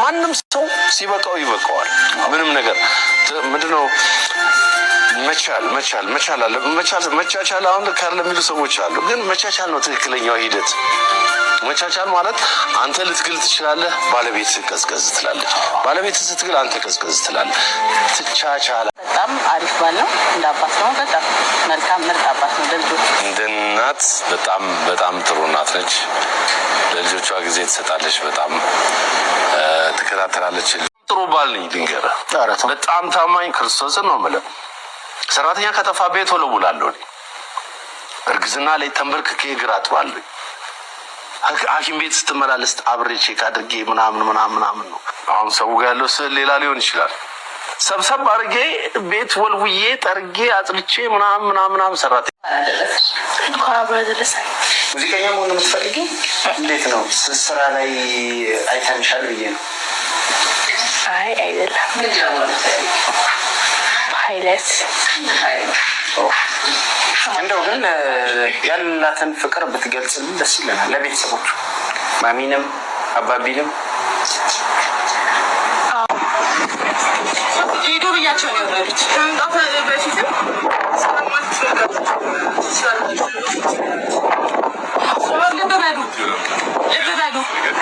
ማንም ሰው ሲበቃው ይበቃዋል። ምንም ነገር ምንድነው መቻል መቻል መቻል አለ መቻል መቻቻል አሁን ካለ የሚሉ ሰዎች አሉ። ግን መቻቻል ነው ትክክለኛው ሂደት። መቻቻል ማለት አንተ ልትግል ትችላለህ፣ ባለቤት ቀዝቀዝ ትላለች። ባለቤት ስትግል አንተ ቀዝቀዝ ትላለህ። ትቻቻል። በጣም አሪፍ ባል ነው። እንደ አባት ነው። በጣም መልካም ምርጥ አባት ነው ለልጆች። እንደ እናት በጣም በጣም ጥሩ እናት ነች። ለልጆቿ ጊዜ ትሰጣለች በጣም ትከታተላለች። ጥሩ ባል ነኝ ልንገርህ፣ በጣም ታማኝ ክርስቶስን ነው የምልህ። ሰራተኛ ከጠፋ ቤት ወለውላለሁ። እርግዝና ላይ ተንበርክኬ እግር አጥባለሁ። ሐኪም ቤት ስትመላለስ አብሬ ቼክ አድርጌ ምናምን ምናምን ምናምን ነው። አሁን ሰው ጋር ያለው ስዕል ሌላ ሊሆን ይችላል። ሰብሰብ አድርጌ ቤት ወልውዬ ጠርጌ አጥልቼ ምናምን ምናምን ምናምን ሰራት። ሙዚቀኛ መሆን የምትፈልጊ እንዴት ነው? ስራ ላይ አይተንሻል ብዬ ነው አይ አይደለም። ፓይለት እንደው ግን ያላትን ፍቅር ብትገልጽልን ደስ ይለናል። ለቤተሰቦቹ ማሚንም አባቢንም ሄዱ ብያቸው ነው ያሉት። ከመምጣት በፊትም ልብ በሉ ልብ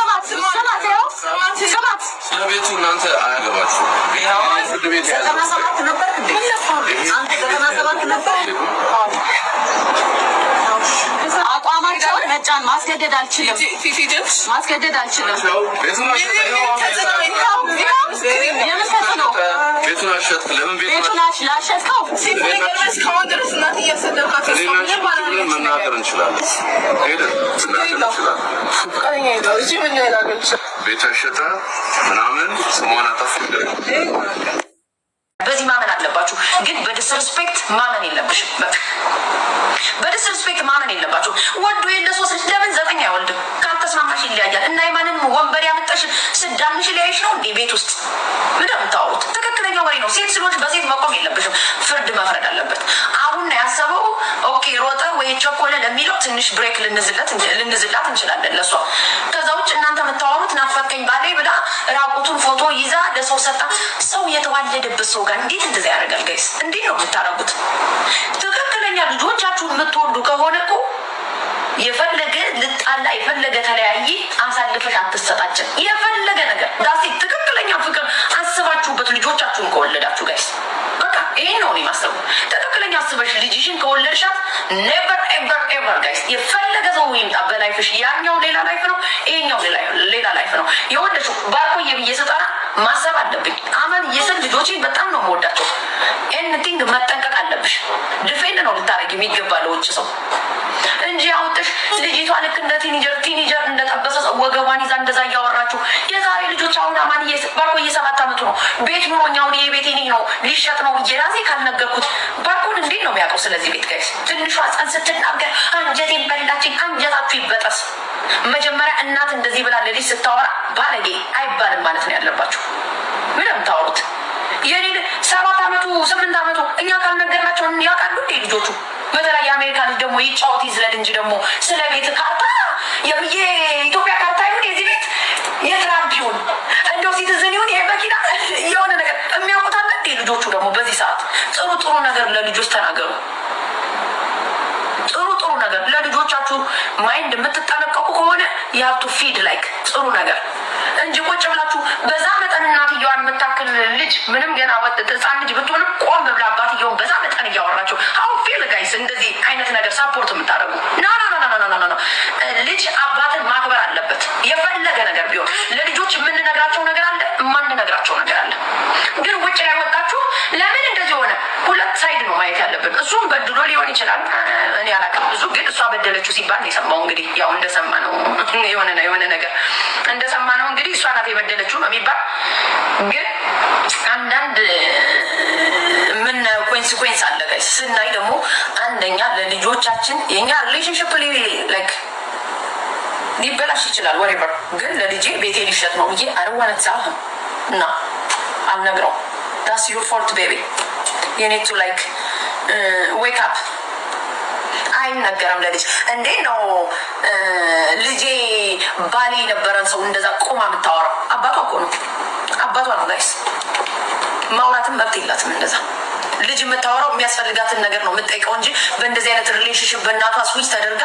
ቤቱ እናንተ አያገባችሁ። ዘጠና ሰባት ነበር ዘጠና ሰባት ነበር። አቋማቸውን መጫን ማስገደድ አልችልም፣ ማስገደድ አልችልም። የምን ተጽዕኖ ቤቱን አሸጥክ? ለምን ቤቱን ላሸጥከው? ሄደን መናገር እንችላለን። ሄደን መናገር እንችላለን። ቤቷ ሸጠ ምናምን ስሟን አጠፋ በዚህ ማመን አለባችሁ፣ ግን በዲስሪስፔክት ማመን የለብሽም። በዲስሪስፔክት ማመን የለባችሁ። ወንዱ የለ ሶስት ልጅ ለምን ዘጠኝ አይወልድም? ካልተስማማሽ ይለያያል እና የማንንም ወንበር ያመጣሽ ስዳንሽ ሊያይሽ ነው እንዴ? ቤት ውስጥ ምንድን የምታወሩት? ትክክለኛ ወሬ ነው። ሴት ስለሆንሽ በሴት መቆም የለብሽም። ፍርድ መፍረድ አለበት። አሁን ያሰበው ኦኬ ሮጠ ወይ ቸኮለ ለሚለው ትንሽ ብሬክ ልንዝላት እንችላለን ለሷ። ከዛ ውጭ እናንተ የምታወሩት ናፈቀኝ ባሌ ብላ ራቁቱን ፎቶ ይዛ ለሰው ሰጣ። ሰው የተዋለደበት ሰው ጋር እንዴት እንደዚ ያደርጋል? ጋይስ እንዴት ነው የምታረጉት? ትክክለኛ ልጆቻችሁን የምትወዱ ከሆነ እኮ የፈለገ ልጣላ የፈለገ ተለያይ አሳልፈሽ አትሰጣችን። ኔቨር ኤቨር ኤቨር ጋይስ የፈለገ ሰው ይምጣ በላይፍሽ። ያኛው ሌላ ላይፍ ነው፣ ይሄኛው ሌላ ላይፍ ነው። የወደችው ባርኮዬ ብዬ ስጠራ ማሰብ አለብኝ። አመን የስል ልጆች በጣም ነው የምወዳቸው። ኤኒቲንግ መጠንቀቅ አለብሽ። ድፌንድ ነው ልታደርግ የሚገባ ለውጭ ሰው እንጂ አውጥሽ ልጅቷ ልክ እንደ ቲኒጀር ቲኒጀር እንደጠበሰ ሰው ወገቧን ይዛ እንደዛ እያወራችሁ የዛሬ ልጆ ባርኮ እየሰባት አመቱ ነው። ቤት ኑሮኛውን ይሄ ቤት ነው ሊሸጥ ነው ብዬ ራሴ ካልነገርኩት ባርኮን እንዴት ነው የሚያውቀው? ስለዚህ ቤት ጋይስ ትንሿ ጸን ስትናገር አንጀቴን በላችኝ። አንጀታችሁ ይበጠስ። መጀመሪያ እናት እንደዚህ ብላ ለልጅ ስታወራ ባለጌ አይባልም ማለት ነው ያለባችሁ። ምን የምታወሩት? የኔ ሰባት አመቱ ስምንት አመቱ እኛ ካልነገርናቸው ያውቃሉ እንዴ ልጆቹ? በተለይ የአሜሪካ ልጅ ደግሞ ይጫወት ይዝለድ እንጂ ደግሞ ስለ ቤት ካርታ የኢትዮጵያ ካርታ ለልጆች ተናገሩ። ጥሩ ጥሩ ነገር ለልጆቻችሁ ማይንድ የምትጠነቀቁ ከሆነ የሀብቱ ፊድ ላይክ ጥሩ ነገር እንጂ ቁጭ ብላችሁ በዛ መጠን እናትየዋን የምታክል ልጅ ምንም ገና ህፃን ልጅ ብትሆንም ቆም ብላ አባትየውን በዛ መጠን እያወራቸው አሁ ፊል ጋይስ እንደዚህ አይነት ነገር ሳፖርት የምታደርጉ ልጅ አባትን ማክበር አለበት። የፈለገ ነገር ቢሆን ለልጆች የምንነግራቸው ነገር አለ፣ የማንነግራቸው ነገር ማየት ያለብን። እሱም በድሎ ሊሆን ይችላል፣ እኔ አላውቅም። ብዙ ግን እሷ በደለችው ሲባል የሰማው እንግዲህ ያው እንደሰማ ነው የሆነ የሆነ ነገር እንደሰማ ነው እንግዲህ እሷ ናት የበደለችው በሚባል ግን አንዳንድ የምናየው ኮንሲኮንስ አለ ጋይስ። ስናይ ደግሞ አንደኛ ለልጆቻችን የኛ ሪሌሽንሽፕ ላይክ ሊበላሽ ይችላል። ወሬቨር ግን ለልጄ ቤቴ ሊሸጥ ነው ብዬ አረዋነት ሳልም እና አልነግረው ዳስ ዩር ፎልት ቤቢ ዩ ኒድ ቱ ላይክ ዌክ አፕ አይነገርም ለልጅ እንዴ ነው ልጄ ባሌ የነበረን ሰው እንደዛ ቁማ የምታወራው አባቷ እኮ ነው አባቷ ነው ጋይስ ማውራትም መብት የላትም እንደዛ ልጅ የምታወራው የሚያስፈልጋትን ነገር ነው የምጠይቀው እንጂ በእንደዚህ አይነት ሪሌሽንሽፕ በእናቷ ስዊች ተደርጋ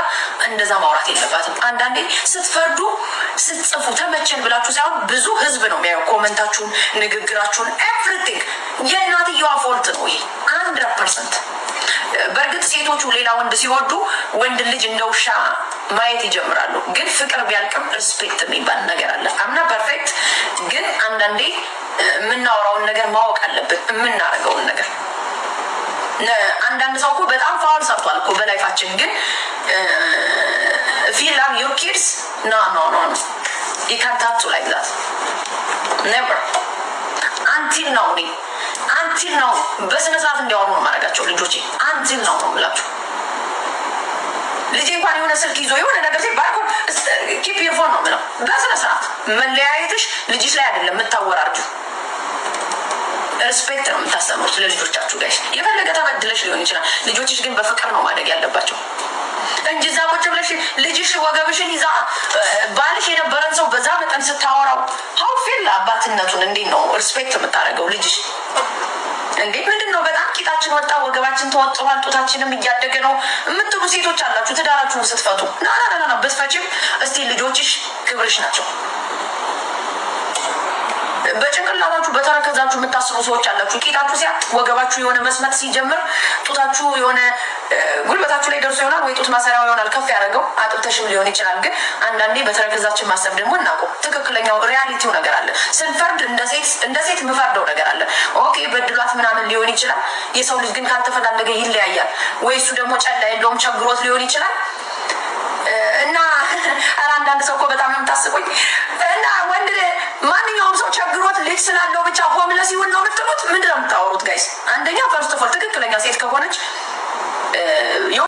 እንደዛ ማውራት የለባትም። አንዳንዴ ስትፈርዱ ስትጽፉ ተመቸን ብላችሁ ሳይሆን ብዙ ህዝብ ነው የሚያየው ኮመንታችሁን፣ ንግግራችሁን፣ ኤቭሪቲንግ የእናትየዋ ፎልት ነው ይሄ ሀንድረድ ፐርሰንት። በእርግጥ ሴቶቹ ሌላ ወንድ ሲወዱ ወንድ ልጅ እንደ ውሻ ማየት ይጀምራሉ። ግን ፍቅር ቢያልቅም ሪስፔክት የሚባል ነገር አለ። አምና ፐርፌክት ግን አንዳንዴ የምናወራውን ነገር ማወቅ አለብን፣ የምናደርገውን ነገር አንዳንድ ሰው እኮ በጣም ፋውል ሰርቷል እኮ በላይፋችን ግን ፊ ላቭ ዩር ኪድስ ኖ ኖ ኖ ይከንታቱ ላይ ግዛት ነበር አንቲል ነው እኔ አንቲል ነው በስነ ስርዓት እንዲያወሩ ነው ማድረጋቸው። ልጆቼ አንቲል ነው ነው ብላችሁ ልጅ እንኳን የሆነ ስልክ ይዞ የሆነ ነገር ሲ ባርኮን ኪፕ ዩር ፎን ነው ምለው በስነ ስርዓት መለያየትሽ ልጅሽ ላይ አይደለም የምታወራርጁ ሪስፔክት ነው የምታስተምሩት ለልጆቻችሁ ጋይስ። የፈለገ ተበድለሽ ሊሆን ይችላል። ልጆችሽ ግን በፍቅር ነው ማደግ ያለባቸው እንጂ እዛ ቁጭ ብለሽ ልጅሽ ወገብሽን ይዛ ባልሽ የነበረን ሰው በዛ መጠን ስታወራው ሀውፊል አባትነቱን እንዴት ነው ሪስፔክት የምታደርገው ልጅሽ? እንዴ ምንድን ነው በጣም ቂጣችን ወጣ፣ ወገባችን ተወጥሯል፣ ጡታችንም እያደገ ነው የምትሉ ሴቶች አላችሁ። ትዳራችሁን ስትፈቱ ናናናና ብትፈችም እስቲ ልጆችሽ ክብርሽ ናቸው። በጭንቅላታችሁ በተረከዛችሁ የምታስቡ ሰዎች አላችሁ። ቂጣችሁ ሲያጥ ወገባችሁ የሆነ መስመጥ ሲጀምር ጡታችሁ የሆነ ጉልበታችሁ ላይ ደርሶ ይሆናል ወይ ጡት ማሰሪያው ይሆናል ከፍ ያደረገው አጥብተሽም ሊሆን ይችላል። ግን አንዳንዴ በተረከዛችን ማሰብ ደግሞ እናውቀው ትክክለኛው ሪያሊቲው ነገር አለ። ስንፈርድ እንደ ሴት የምፈርደው ነገር አለ። ኦኬ በድሏት ምናምን ሊሆን ይችላል። የሰው ልጅ ግን ካልተፈላለገ ይለያያል። ወይ እሱ ደግሞ ጨላ የለውም ቸግሮት ሊሆን ይችላል እና አንዳንድ ሰው እኮ በጣም ነው የምታስቡኝ እና ወንድ ማንኛውም ሰው ቸግሮት ልጅ ስላለው ብቻ ሆምለስ ይሁን ነው የምትሉት? ምንድን ነው የምታወሩት ጋይስ? አንደኛ ፈርስት ኦፍ ኦል ትክክለኛ ሴት ከሆነች